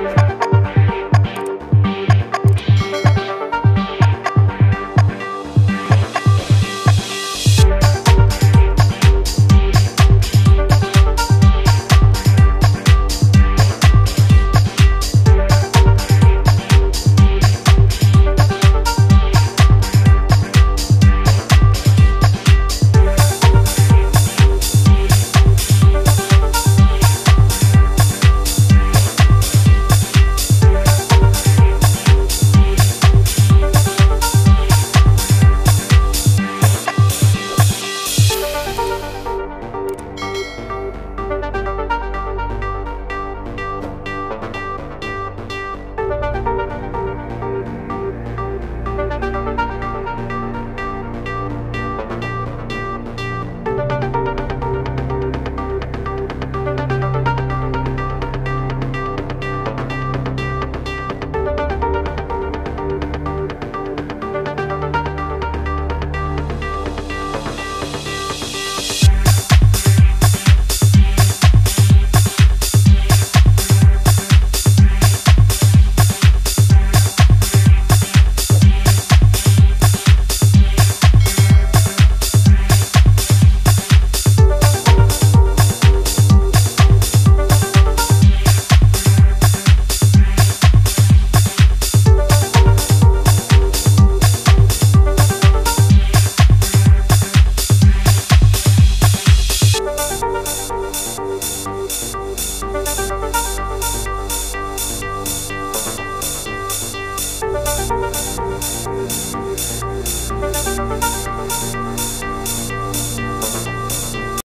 Thank you. Thank